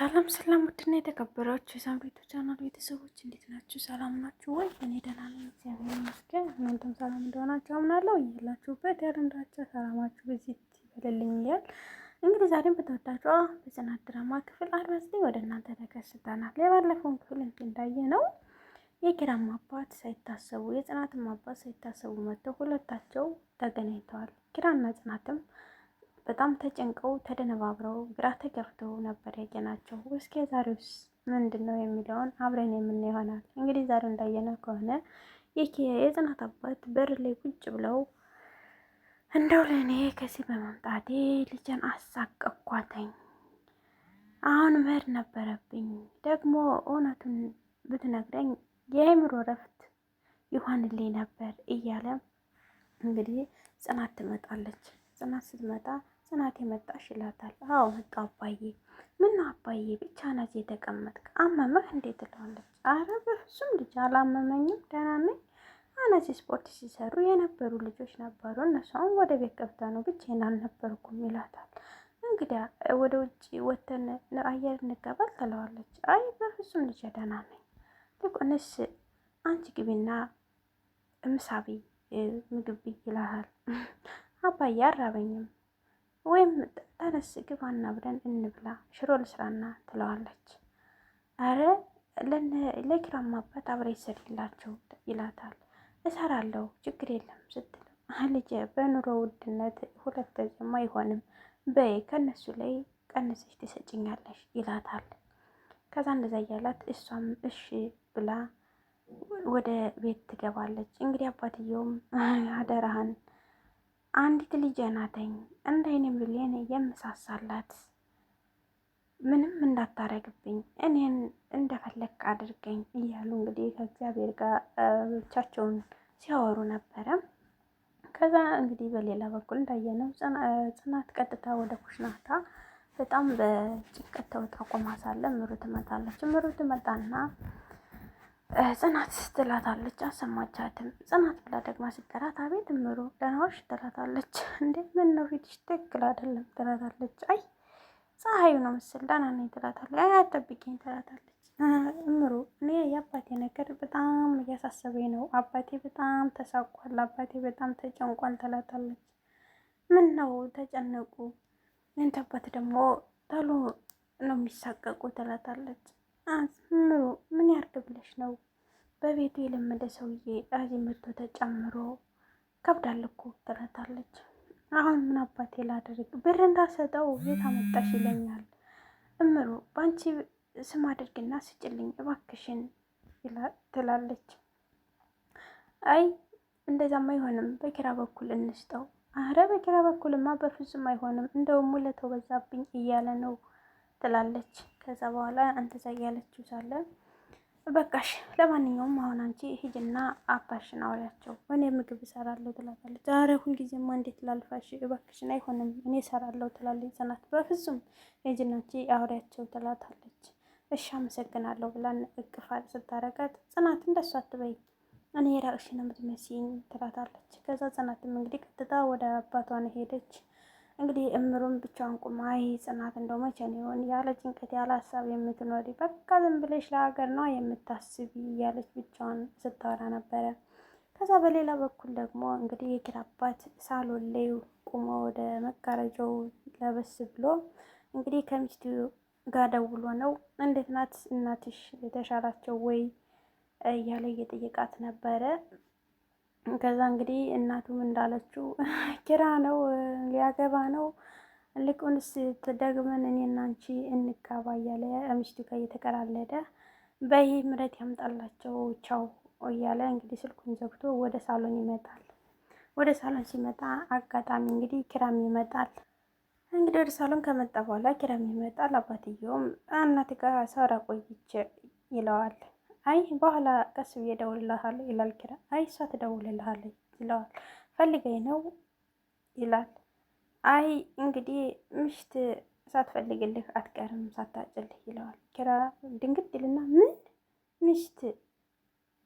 ሰላም ሰላም፣ ውድና የተከበራችሁ የሳምሪቱ ቻናል ቤተሰቦች እንዴት ናችሁ? ሰላም ናችሁ ወይ? እኔ ደህና ነኝ፣ እግዚአብሔር ይመስገን። እናንተም ሰላም እንደሆናችሁ አምናለሁ። እያላችሁበት ያረንዳችሁ ሰላማችሁ በዚህ ይበልልኝ እያል እንግዲህ ዛሬም በተወዳጇ በጽናት ድራማ ክፍል አርባ ዘጠኝ ወደ እናንተ ተከስተናል። የባለፈውን ክፍል እንዳየ ነው የኪራም አባት ሳይታሰቡ የጽናትም አባት ሳይታሰቡ መጥተው ሁለታቸው ተገናኝተዋል። ኪራና ጽናትም በጣም ተጨንቀው ተደነባብረው ግራ ተገብተው ነበር ያየናቸው። እስኪ ዛሬውስ ምንድን ነው የሚለውን አብረን የምናየው ይሆናል። እንግዲህ ዛሬው እንዳየነው ከሆነ የጽናት አባት በር ላይ ቁጭ ብለው እንደው ለእኔ ከዚህ በመምጣቴ ልጄን አሳቀኳተኝ። አሁን መሄድ ነበረብኝ። ደግሞ እውነቱን ብትነግረኝ የአእምሮ እረፍት ይሆንልኝ ነበር እያለ እንግዲህ ጽናት ትመጣለች። ጽናት ስትመጣ ጽናት የመጣሽ ይላታል። አዎ መጣ አባዬ። ምን አባዬ ብቻ ናት የተቀመጥክ አመመህ እንዴት ትለዋለች። አረ በፍጹም ልጅ አላመመኝም፣ ደህና ነኝ። ስፖርት ሲሰሩ የነበሩ ልጆች ነበሩ። አሁን ወደ ቤት ገብታ ነው ብቻዬን አልነበርኩም ይላታል። እንግዲያ ወደ ውጭ ወተን አየር እንገባል ትለዋለች። አይ በፍጹም ልጅ ደህና ነኝ። አንቺ ግቢና ምሳቢ ምግብ ይላል አባዬ አራበኝም ወይም ተነስ ግባና ብለን እንብላ ሽሮ ልስራና ትለዋለች። አረ ለኪራማ አባት አብሬ ይሰድላቸው ይላታል። እሰራለሁ ችግር የለም ስትል ልጄ በኑሮ ውድነት ሁለት ዜማ አይሆንም በይ ከነሱ ላይ ቀንሰሽ ትሰጭኛለሽ ይላታል። ከዛ እንደዛ እያላት እሷም እሺ ብላ ወደ ቤት ትገባለች። እንግዲህ አባትየውም አደራህን አንዲት ልጅ ናተኝ እንደ አይኔ ብሌን የምሳሳላት ምንም እንዳታረግብኝ እኔን እንደፈለግ አድርገኝ እያሉ እንግዲህ ከእግዚአብሔር ጋር ብቻቸውን ሲያወሩ ነበረ። ከዛ እንግዲህ በሌላ በኩል እንዳየነው ጽናት ቀጥታ ወደ ኩሽናታ በጣም በጭንቀት ተውጣ ቆማ ሳለ ምሩ ትመጣለች። ምሩ ትመጣና ጽናት ትላታለች። አሰማቻትም ጽናት ብላ ደግሞ ስትጠራት አቤት ምሩ ደህና ዋልሽ ትላታለች። እንዴ ምን ነው ፊትሽ ትክክል አይደለም ትላታለች። አይ ፀሐዩ ነው ምስል ደህና ነኝ ትላታለች። አይ ትላታለች። እምሩ እኔ የአባቴ ነገር በጣም እያሳሰበኝ ነው። አባቴ በጣም ተሳቋል፣ አባቴ በጣም ተጨንቋል ትላታለች። ምን ነው ተጨነቁ፣ ያንተ አባት ደግሞ ተሎ ነው የሚሳቀቁ ትላታለች። አዝምሩ ምን ያርግ ብለሽ ነው? በቤቱ የለመደ ሰውዬ እዚህ ተጨምሮ ከብዳል እኮ ትረታለች። አሁን ምን አባቴ ላደርግ ብር እንዳሰጠው የት አመጣሽ ይለኛል። እምሩ በአንቺ ስም አድርግና ስጭልኝ እባክሽን ትላለች። አይ እንደዛም አይሆንም በኪራ በኩል እንስጠው። አረ በኪራ በኩልማ በፍጹም አይሆንም፣ እንደውም ውለታው በዛብኝ እያለ ነው ትላለች። ከዛ በኋላ እንትዛ እያለችው ሳለ በቃሽ፣ ለማንኛውም አሁን አንቺ ሂጅና አባሽን አውሪያቸው እኔ ምግብ እሰራለሁ ትላታለች። ኧረ ሁልጊዜማ እንዴት ላልፋሽ እባክሽን፣ አይሆንም እኔ እሰራለሁ ትላለች ጽናት። በፍጹም ሂጂና አንቺ አውሪያቸው ትላታለች። እሺ አመሰግናለሁ ብላን እቅፋል ስታረጋት ጽናት እንደሱ አትበይ እኔ የራቅሽ ነው የምትመስይኝ ትላታለች። ከዛ ጽናትም እንግዲህ ቀጥታ ወደ አባቷ ነው ሄደች። እንግዲህ እምሩም ብቻዋን ቁማ ይህ ጽናት እንደው መቼ ነው ይሆን ያለ ጭንቀት ያለ ሀሳብ የምትኖሪ በቃ ዝም ብለሽ ለሀገር ነው የምታስቢ እያለች ብቻዋን ስታወራ ነበረ። ከዛ በሌላ በኩል ደግሞ እንግዲህ የኪራ አባት ሳሎን ላይ ቁሞ ወደ መጋረጃው ለበስ ብሎ እንግዲህ ከሚስቱ ጋር ደውሎ ነው እንዴት ናት እናትሽ የተሻላቸው ወይ እያለ እየጠየቃት ነበረ። ከዛ እንግዲህ እናቱም እንዳለችው ኪራ ነው ሊያገባ ነው ልቁንስ ደግመን እኔና አንቺ እንጋባ እያለ ሚስቱ ጋር እየተቀላለደ በይ ምረት ያምጣላቸው ቻው እያለ እንግዲህ ስልኩን ዘግቶ ወደ ሳሎን ይመጣል። ወደ ሳሎን ሲመጣ አጋጣሚ እንግዲህ ኪራም ይመጣል። እንግዲህ ወደ ሳሎን ከመጣ በኋላ ኪራም ይመጣል። አባትየውም እናት ጋር ሰራ ቆይቼ ይለዋል። አይ በኋላ ቀስ ብዬ እደውልልሃለሁ ይላል ኪራ። አይ እሷ ትደውልልሃለች ይለዋል። ፈልገኝ ነው ይላል። አይ እንግዲህ ምሽት ሳትፈልግልህ አትቀርም ሳታጭልህ ይለዋል። ኪራ ድንግጥ ይልና ምን ምሽት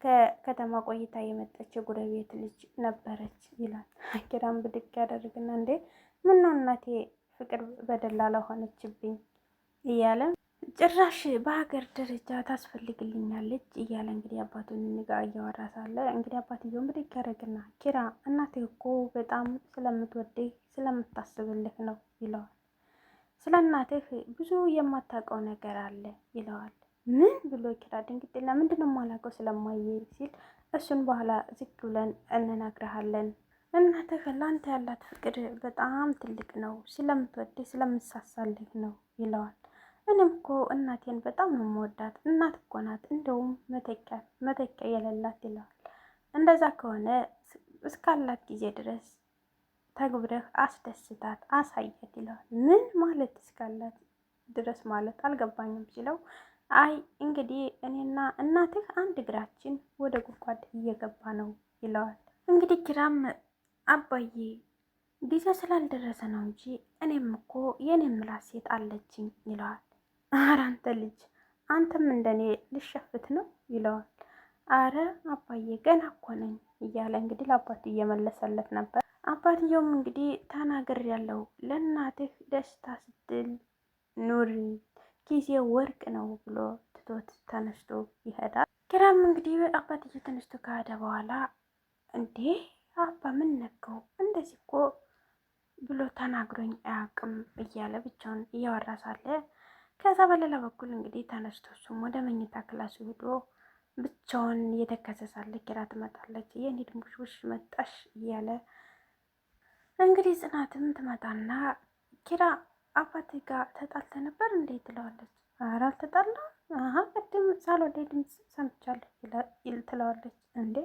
ከከተማ ቆይታ የመጣች የጎረቤት ልጅ ነበረች ይላል። ኪራም ብድግ ያደርግና እንዴ ምነው እናቴ ፍቅር በደላላ ሆነችብኝ እያለ ጭራሽ በሀገር ደረጃ ታስፈልግልኛለች እያለ እንግዲህ አባቱን ንጋ እያወራ ሳለ እንግዲህ አባትየው ምድ ያደረግና ኪራ እናትህ እኮ በጣም ስለምትወድህ ስለምታስብልህ ነው ይለዋል። ስለ እናትህ ብዙ የማታውቀው ነገር አለ ይለዋል። ምን ብሎ ኪራ ድንግጥ ለምንድነው ነው የማላውቀው ስለማየ ሲል እሱን በኋላ ዝግ ብለን እንነግርሃለን። እናትህ ለአንተ ያላት ፍቅር በጣም ትልቅ ነው፣ ስለምትወድህ ስለምሳሳልህ ነው ይለዋል። እኔም እኮ እናቴን በጣም ነው የምወዳት። እናት እኮ ናት እንደውም መተኪያ መተኪያ የሌላት ይለዋል። እንደዛ ከሆነ እስካላት ጊዜ ድረስ ተግብረህ አስደስታት፣ አሳያት ይለዋል። ምን ማለት እስካላት ድረስ ማለት አልገባኝም ሲለው አይ እንግዲህ እኔና እናትህ አንድ እግራችን ወደ ጉድጓድ እየገባ ነው ይለዋል። እንግዲህ ኪራም አባዬ ጊዜ ስላልደረሰ ነው እንጂ እኔም እኮ የኔ ምላት ሴት አለችኝ ይለዋል። አረ አንተ ልጅ አንተም እንደኔ ልሸፍት ነው ይለዋል። አረ አባዬ ገና እኮ ነኝ እያለ እንግዲህ ለአባት እየመለሰለት ነበር። አባትየውም እንግዲህ ተናገር ያለው ለእናትህ ደስታ ስትል ኑሪ ጊዜ ወርቅ ነው ብሎ ትቶት ተነስቶ ይሄዳል። ኪራም እንግዲህ አባትየው ተነስቶ ከሄደ በኋላ እንዴ አባ ምን ነካው እንደዚህ እኮ ብሎ ተናግሮኝ አያውቅም እያለ ብቻውን እያወራ ሳለ ከዛ በሌላ በኩል እንግዲህ ተነስቶ እሱም ወደ መኝታ ክላሱ ሄዶ ብቻውን እየተከሰ ሳለ ኪራ ትመጣለች። የኔ ድንቡሽቡሽ መጣሽ እያለ እንግዲህ ጽናትም ትመጣና ኪራ አባቴ ጋር ተጣልተ ነበር እንዴ ትለዋለች። ኧረ አልተጣላም፣ አሀ ቅድም ሳሎን ላይ ድምፅ ሰምቻለሁ ትለዋለች። እንዴ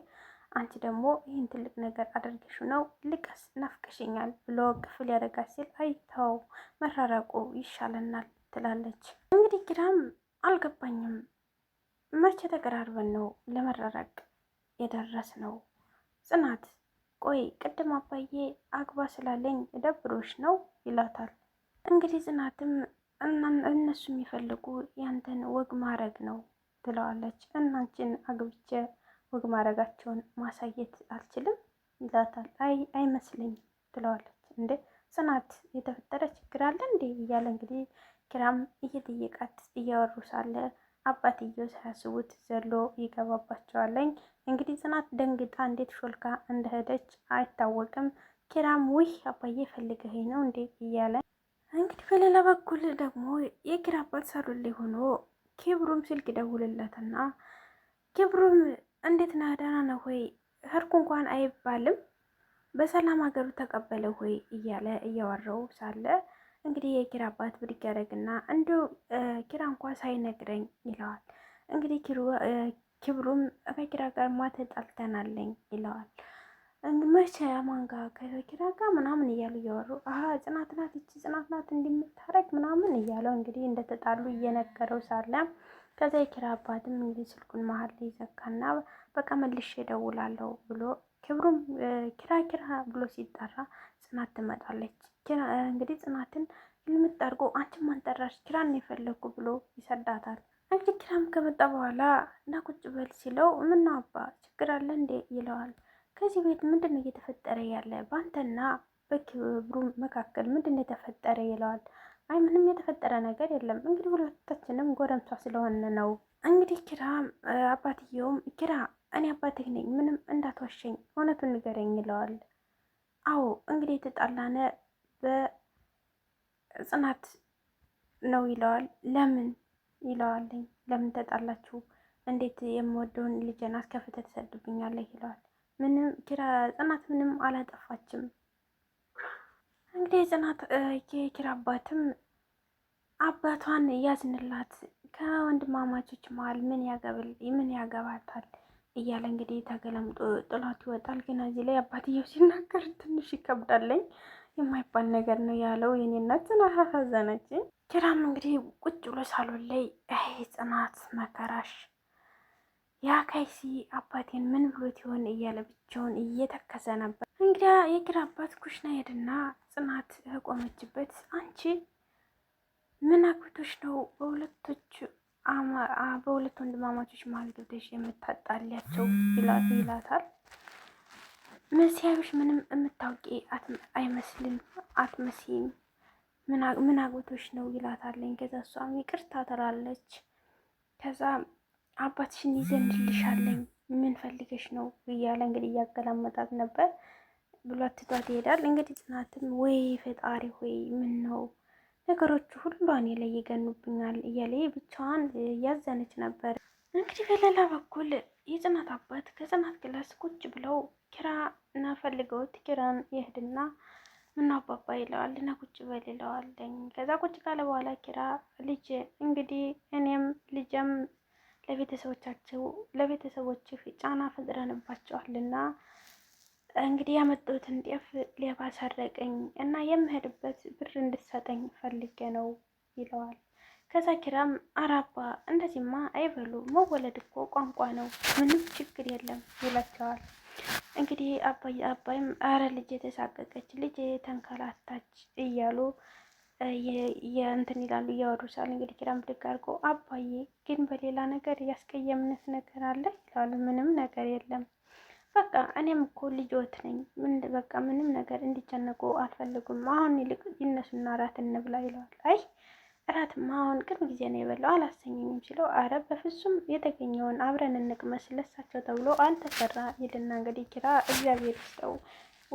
አንቺ ደግሞ ይህን ትልቅ ነገር አድርገሽው ነው ልቀስ ናፍቀሽኛል ብሎ ቅፍል ያደርጋት ሲል አይተው መራረቁ ይሻለናል ትላለች። እንግዲህ ኪራም አልገባኝም፣ መቼ ተቀራርበን ነው ለመረረቅ የደረስ ነው? ጽናት ቆይ ቅድም አባዬ አግባ ስላለኝ ደብሮሽ ነው ይላታል። እንግዲህ ጽናትም እነሱ የሚፈልጉ ያንተን ወግ ማድረግ ነው ትለዋለች። እናንችን አግብቼ ወግ ማድረጋቸውን ማሳየት አልችልም ይላታል። አይ አይመስለኝም ትለዋለች። እንዴ ጽናት የተፈጠረ ችግር አለ እንዴ እያለ እንግዲህ ኪራም እየጠየቃት እያወሩ ሳለ አባትየው ሳያስቡት ዘሎ ይገባባቸዋለኝ። እንግዲህ ጽናት ደንግጣ እንዴት ሾልካ እንደሄደች አይታወቅም። ኪራም ውህ አባዬ ፈልገኸኝ ነው እንዴ እያለ እንግዲህ፣ በሌላ በኩል ደግሞ የኪራ አባት ሳሎን ላይ ሆኖ ኬብሩም ስልክ ደውልለትና ኬብሩም እንዴት ነህ ደህና ነህ ወይ ህርኩ እንኳን አይባልም በሰላም ሀገሩ ተቀበለ ወይ እያለ እያወራው ሳለ እንግዲህ የኪራ አባት ብድግ ያደረግና እንደው ኪራ እንኳ ሳይነግረኝ ይለዋል። እንግዲህ ክብሩም ከኪራ ጋር ማ ይለዋል። መቼ አማን ጋር ከኪራ ጋር ምናምን እያሉ እያወሩ ጽናት ናት እቺ ጽናት ናት እንደምታረግ ምናምን እያለው እንግዲህ እንደተጣሉ እየነገረው ሳለ ከዛ የኪራ አባትም እንግዲህ ስልኩን መሀል ላይ ዘጋና በቃ መልሼ እደውላለሁ ብሎ ክብሩም ኪራ ኪራ ብሎ ሲጠራ ጽናት ትመጣለች። እንግዲህ ጽናትን ልምጥ አድርጎ አንቺን ማን ጠራሽ? ኪራን የፈለግኩ ብሎ ይሰዳታል። አንቺ ኪራም ከመጣ በኋላ እና ቁጭ በል ሲለው ምነው አባ ችግር አለ እንዴ ይለዋል። ከዚህ ቤት ምንድን ነው እየተፈጠረ ያለ በአንተና በክብሩ መካከል ምንድን ነው የተፈጠረ ይለዋል። አይ ምንም የተፈጠረ ነገር የለም እንግዲህ ሁለታችንም ጎረምሳ ስለሆነ ነው። እንግዲህ ኪራም አባትየውም ኪራ እኔ አባትህ ነኝ ምንም እንዳትዋሸኝ እውነቱን ንገረኝ ይለዋል። አዎ እንግዲህ የተጣላነ በጽናት ነው ይለዋል። ለምን ይለዋለኝ ለምን ተጣላችሁ? እንዴት የምወደውን ልጄን አስከፍተህ ትሰድብኛለህ? ይለዋል። ምንም ኪራ ጽናት ምንም አላጠፋችም። እንግዲህ ጽናት የኪራ አባትም አባቷን እያዝንላት ከወንድማማቾች መሀል ምን ያገብል ምን ያገባታል እያለ እንግዲህ ተገለምጦ ጥሏት ይወጣል። ግን እዚህ ላይ አባትየው ሲናገር ትንሽ ይከብዳለኝ። የማይባል ነገር ነው ያለው። የኔ እናት ጽናት ኪራም እንግዲህ ቁጭ ብሎ ሳሎን ላይ አይ ጽናት መከራሽ፣ ያ ካይሲ አባቴን ምን ብሎት ይሆን እያለ ብቻውን ነበር። እንግዲያ የኪራ አባት ኩሽና ሄድና ጽናት ቆመችበት። አንቺ ምን አግብቶች ነው በሁለቶች በሁለት ወንድማማቾች መሀል ገብተሽ የምታጣሊያቸው ይላታል። መሲያዩሽ ምንም የምታውቂ አይመስልም አትመስይም፣ ምን አግብቶሽ ነው ይላታለኝ። ከዛ እሷም ይቅርታ ትላለች። ከዛ አባትሽን ይዘንድልሻለኝ ምን ፈልገሽ ነው እያለ እንግዲህ እያገላመጣት ነበር ብሏት ትቷት ይሄዳል። እንግዲህ ጽናትም ወይ ፈጣሪ ወይ ምን ነው ነገሮቹ ሁሉ እኔ ላይ ይገኑብኛል እያለ ብቻዋን እያዘነች ነበር። እንግዲህ በሌላ በኩል የጽናት አባት ከጽናት ክላስ ቁጭ ብለው ኪራ እና ፈልገውት ኪራን ይሄድና ምነው አባባ ይለዋል እና ቁጭ በል ይለዋለኝ። ከዛ ቁጭ ካለ በኋላ ኪራ ልጅ እንግዲህ እኔም ልጄም ለቤተሰቦቻቸው ለቤተሰቦችህ ጫና ፈጥረንባቸዋልና እንግዲህ ያመጡትን ጤፍ ሌባ ሰረቀኝ እና የምሄድበት ብር እንድሰጠኝ ፈልጌ ነው ይለዋል። ከዛ ኪራም አራባ እንደዚህማ አይበሉ መወለድ እኮ ቋንቋ ነው፣ ምንም ችግር የለም ይላቸዋል። እንግዲህ አባይ አባይም አረ ልጅ የተሳቀቀች ልጅ ተንከላታች እያሉ የእንትን ይላሉ፣ እያወሩሳል። እንግዲህ ኪራም ብድግ አድርጎ አባዬ ግን በሌላ ነገር ያስቀየምነት ነገር አለ ይለዋል። ምንም ነገር የለም በቃ እኔም እኮ ልጆት ነኝ ምን በቃ ምንም ነገር እንዲጨነቁ አልፈልጉም። አሁን ይልቅ ይነሱና እራት እንብላ ይለዋል። አይ እራትማ አሁን ቅርብ ጊዜ ነው የበላው አላሰኘኝም ሲለው፣ አረ በፍጹም የተገኘውን አብረን እንቅመስ ለሳቸው ተብሎ አልተሰራ ይልና እንግዲህ ኪራ እግዚአብሔር ይስጠው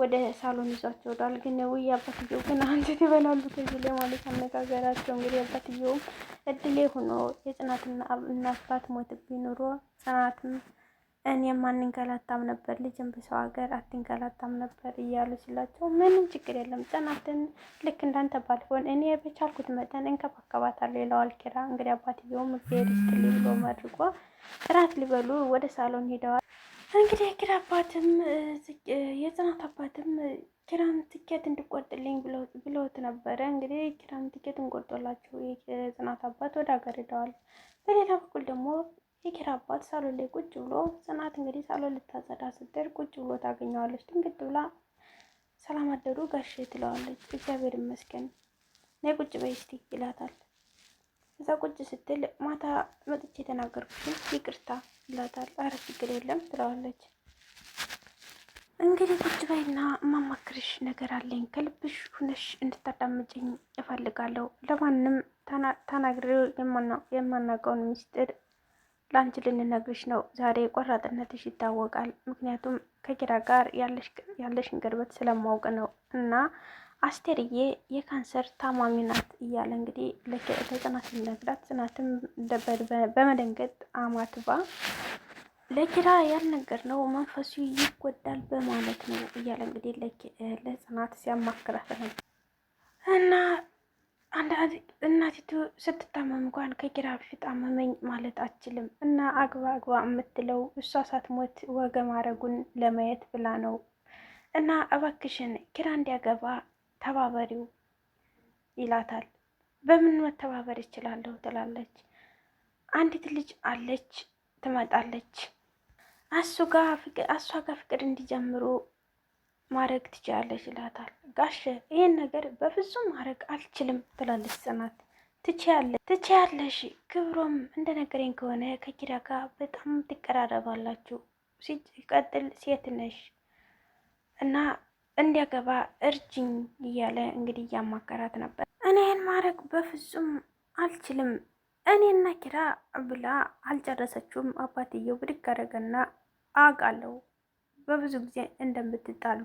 ወደ ሳሎን ይዟቸው ወዳል። ግን ውይ አባትየው ግን አንጀት ይበላሉ ከዚህ ላይ ማለት አነጋገራቸው እንግዲህ አባትየውም እድሌ ሆኖ የጽናትና እናት ባትሞትብኝ ኑሮ ጽናትም እኔም አንንገላታም ነበር፣ ልጅም በሰው ሀገር አትንገላታም ነበር እያሉ ሲላቸው ምንም ችግር የለም ጽናትን ልክ እንዳንተ ባልሆን እኔ በቻልኩት መጠን እንከባከባታለሁ ይለዋል ኪራ። እንግዲህ አባትየውም እግዚአብሔር ይስጥልኝ ብሎ መድርጎ እራት ሊበሉ ወደ ሳሎን ሄደዋል። እንግዲህ የኪራ አባትም የጽናት አባትም ኪራን ትኬት እንድቆርጥልኝ ብለውት ነበረ። እንግዲህ ኪራን ትኬት እንቆርጦላቸው የጽናት አባት ወደ ሀገር ሄደዋል። በሌላ በኩል ደግሞ የኪራ አባት ሳሎን ላይ ቁጭ ብሎ ጽናት እንግዲህ ሳሎን ልታጸዳ ስትል ቁጭ ብሎ ታገኘዋለች። ድንግጥ ብላ ሰላም አደሩ ጋሼ ትለዋለች። እግዚአብሔር ይመስገን ነይ ቁጭ በይ እስቲ ይላታል። እዛ ቁጭ ስትል ማታ መጥቼ የተናገርኩትን ይቅርታ ይላታል። አረ ችግር የለም ትለዋለች። እንግዲህ ቁጭ በይና ማማክርሽ ነገር አለኝ። ከልብሽ ሁነሽ እንድታዳምጭኝ እፈልጋለሁ። ለማንም ተናግሬው የማናውቀውን ሚስጥር ለአንቺ ልንነግርሽ ነው። ዛሬ ቆራጥነትሽ ይታወቃል። ምክንያቱም ከኪራ ጋር ያለሽን ቅርበት ስለማውቅ ነው እና አስቴርዬ የካንሰር ታማሚ ናት እያለ እንግዲህ ለጽናት ነግራት፣ ጽናትም በመደንገጥ አማትባ ለኪራ ያልነገር ነው መንፈሱ ይጎዳል በማለት ነው እያለ እንግዲህ ለጽናት ሲያማክራት ነው እና አንድ እናቲቱ ስትታመም እንኳን ከኪራ በፊት አመመኝ ማለት አትችልም። እና አግባ አግባ የምትለው እሷ ሳትሞት ወገ ማድረጉን ለማየት ብላ ነው። እና እባክሽን ኪራ እንዲያገባ ተባበሪው ይላታል። በምን መተባበር ይችላለሁ ትላለች። አንዲት ልጅ አለች ትመጣለች። አሱ ጋር ፍቅር እንዲጀምሩ ማድረግ ትችላለች ይላታል። ጋሸ ይህን ነገር በፍጹም ማድረግ አልችልም ትላለች ጽናት። ትችያለሽ፣ ክብሮም እንደነገረኝ ከሆነ ከኪራ ጋር በጣም ትቀራረባላችሁ፣ ሲቀጥል ሴት ነሽ እና እንዲያገባ እርጅኝ እያለ እንግዲህ እያማከራት ነበር። እኔ ማድረግ በፍጹም አልችልም እኔና ኪራ ብላ አልጨረሰችውም። አባትየው ብድግ አደረገና አውቃለሁ በብዙ ጊዜ እንደምትጣሉ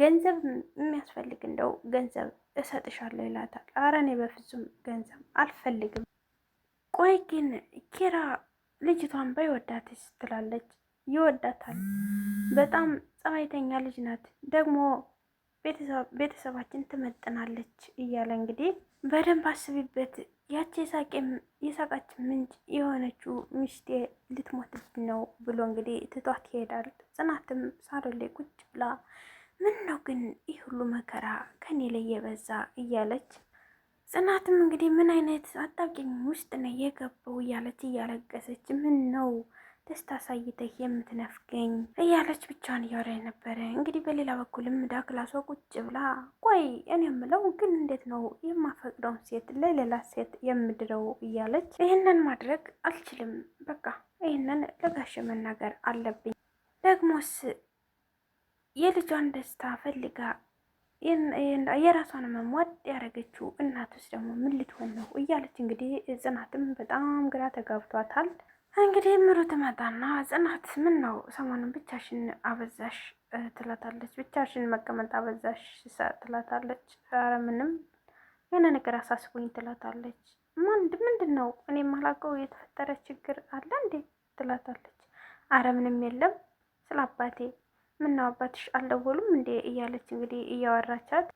ገንዘብ የሚያስፈልግ እንደው ገንዘብ እሰጥሻለሁ ይላታል። አረ እኔ በፍጹም ገንዘብ አልፈልግም። ቆይ ግን ኪራ ልጅቷን በይወዳት ስትላለች፣ ይወዳታል። በጣም ጸባይተኛ ልጅ ናት፣ ደግሞ ቤተሰባችን ትመጥናለች እያለ እንግዲህ በደንብ አስቢበት ያቺ የሳቃች ምንጭ የሆነችው ሚስቴ ልትሞትብን ነው ብሎ እንግዲህ ትቷት ይሄዳል። ጽናትም ሳሎን ላይ ቁጭ ብላ ምን ነው ግን ይህ ሁሉ መከራ ከኔ ላይ የበዛ እያለች ጽናትም እንግዲህ ምን አይነት አጣብቂኝ ውስጥ ነው የገባው እያለች እያለቀሰች ምን ነው ደስታ ሳይተ የምትነፍገኝ እያለች ብቻዋን እያወራ ነበረ። እንግዲህ በሌላ በኩልም ዳክላሷ ቁጭ ብላ ቆይ እኔ የምለው ግን እንዴት ነው የማፈቅደውን ሴት ለሌላ ሴት የምድረው? እያለች ይህንን ማድረግ አልችልም፣ በቃ ይህንን ለጋሽ መናገር አለብኝ። ደግሞስ የልጇን ደስታ ፈልጋ የራሷን መሟጥ ያደረገችው እናቱስ ደግሞ ምን ልትሆን ነው? እያለች እንግዲህ ጽናትም በጣም ግራ ተጋብቷታል። እንግዲህ ምሩ ትመጣና ጽናት ምን ነው ሰሞኑን ብቻሽን አበዛሽ ትላታለች። ብቻሽን መቀመጥ አበዛሽ ትላታለች። ኧረ ምንም የሆነ ነገር አሳስቦኝ ትላታለች። ማንድ ምንድን ነው እኔ የማላውቀው የተፈጠረ ችግር አለ እንዴ ትላታለች። አረ ምንም የለም ስለ አባቴ ምነው አባትሽ አልደወሉም እንዴ እያለች እንግዲህ እያወራቻት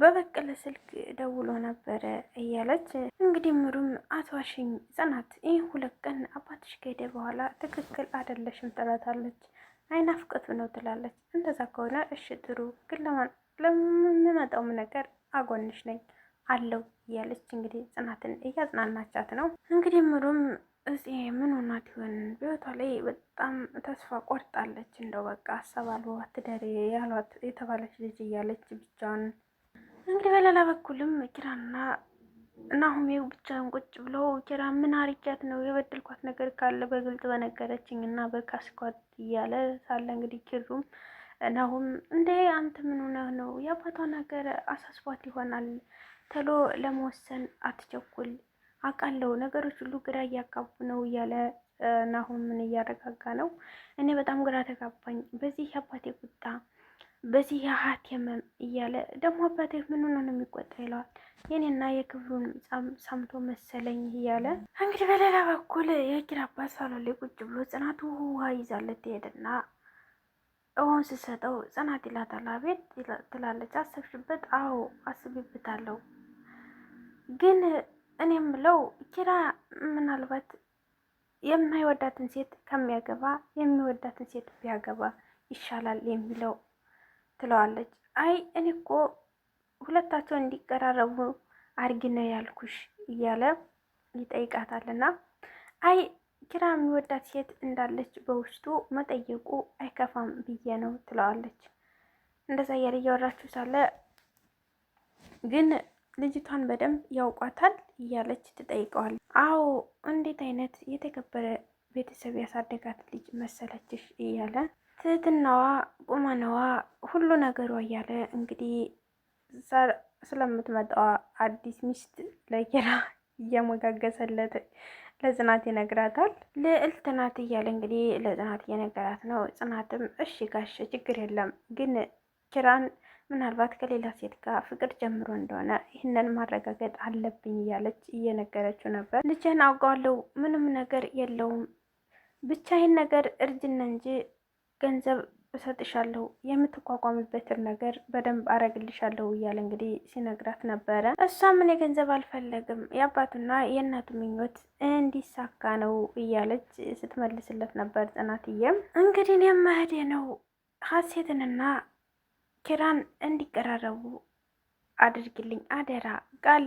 በበቀለ ስልክ ደውሎ ነበረ እያለች እንግዲህ ምሩም አትዋሽኝ ጽናት፣ ይህ ሁለት ቀን አባትሽ ከሄደ በኋላ ትክክል አይደለሽም ትላታለች። አይናፍቀቱ ነው ትላለች። እንደዛ ከሆነ እሽ ጥሩ፣ ግን ለምመጣውም ነገር አጎንሽ ነኝ አለው እያለች እንግዲህ ጽናትን እያጽናናቻት ነው። እንግዲህ ምሩም እዚህ ምን ሆናት ይሆን? በህይወቷ ላይ በጣም ተስፋ ቆርጣለች። እንደው በቃ ሀሳብ ትደሬ ያሏት የተባለች ልጅ እያለች ብቻዋን እንግዲህ በሌላ በኩልም ኪራና ናሁሜ ብቻን ቁጭ ብለው ኪራ ምን አርጃት ነው የበደልኳት ነገር ካለ በግልጽ በነገረችኝ እና በካስኳት እያለ ሳለ እንግዲህ ኪሩም ናሁም እንደ አንተ ምን ሆነህ ነው የአባቷ ነገር አሳስቧት ይሆናል ተሎ ለመወሰን አትቸኩል አውቃለሁ ነገሮች ሁሉ ግራ እያጋቡ ነው እያለ ናሁም ምን እያረጋጋ ነው እኔ በጣም ግራ ተጋባኝ በዚህ የአባቴ ቁጣ በዚህ ያሀት የመም እያለ ደግሞ አባቴ ምኑ ነው የሚቆጣ ይለዋል። የኔና የክብሩን ሰምቶ መሰለኝ እያለ እንግዲህ በሌላ በኩል የኪራ አባት ሳሎን ላይ ቁጭ ብሎ ጽናቱ ውሃ ይዛለት ትሄድና እሆን ስሰጠው ጽናት ይላታል። አቤት ትላለች። አሰብሽበት? አዎ አስብበታለሁ። ግን እኔ የምለው ኪራ ምናልባት የማይወዳትን ሴት ከሚያገባ የሚወዳትን ሴት ቢያገባ ይሻላል የሚለው ትለዋለች። አይ እኔ እኮ ሁለታቸውን እንዲቀራረቡ አድርጊ ነው ያልኩሽ እያለ ይጠይቃታልና አይ ኪራ የሚወዳት ሴት እንዳለች በውስጡ መጠየቁ አይከፋም ብዬ ነው ትለዋለች። እንደዛ እያለ እያወራችሁ ሳለ ግን ልጅቷን በደንብ ያውቋታል እያለች ትጠይቀዋል። አዎ እንዴት አይነት የተከበረ ቤተሰብ ያሳደጋት ልጅ መሰለችሽ እያለ ትህትናዋ፣ ቁመናዋ፣ ሁሉ ነገሯ እያለ እንግዲህ ስለምትመጣዋ አዲስ ሚስት ለኪራ እያሞጋገሰለት ለጽናት ይነግራታል። ልዕልት እያለ እንግዲህ ለጽናት እየነገራት ነው። ጽናትም እሺ ጋሸ ችግር የለም ግን ኪራን ምናልባት ከሌላ ሴት ጋር ፍቅር ጀምሮ እንደሆነ ይህንን ማረጋገጥ አለብኝ እያለች እየነገረችው ነበር። ልጄን አውቀዋለሁ፣ ምንም ነገር የለውም ብቻ ይህን ነገር እርጅና እንጂ ገንዘብ እሰጥሻለሁ የምትቋቋምበትን ነገር በደንብ አረግልሻለሁ እያለ እንግዲህ ሲነግራት ነበረ። እሷ ምን ገንዘብ አልፈለግም የአባቱና የእናቱ ምኞት እንዲሳካ ነው እያለች ስትመልስለት ነበር። ጽናትዬም እንግዲህ እኔም ነው ሀሴትንና ኪራን እንዲቀራረቡ አድርግልኝ አደራ ቃል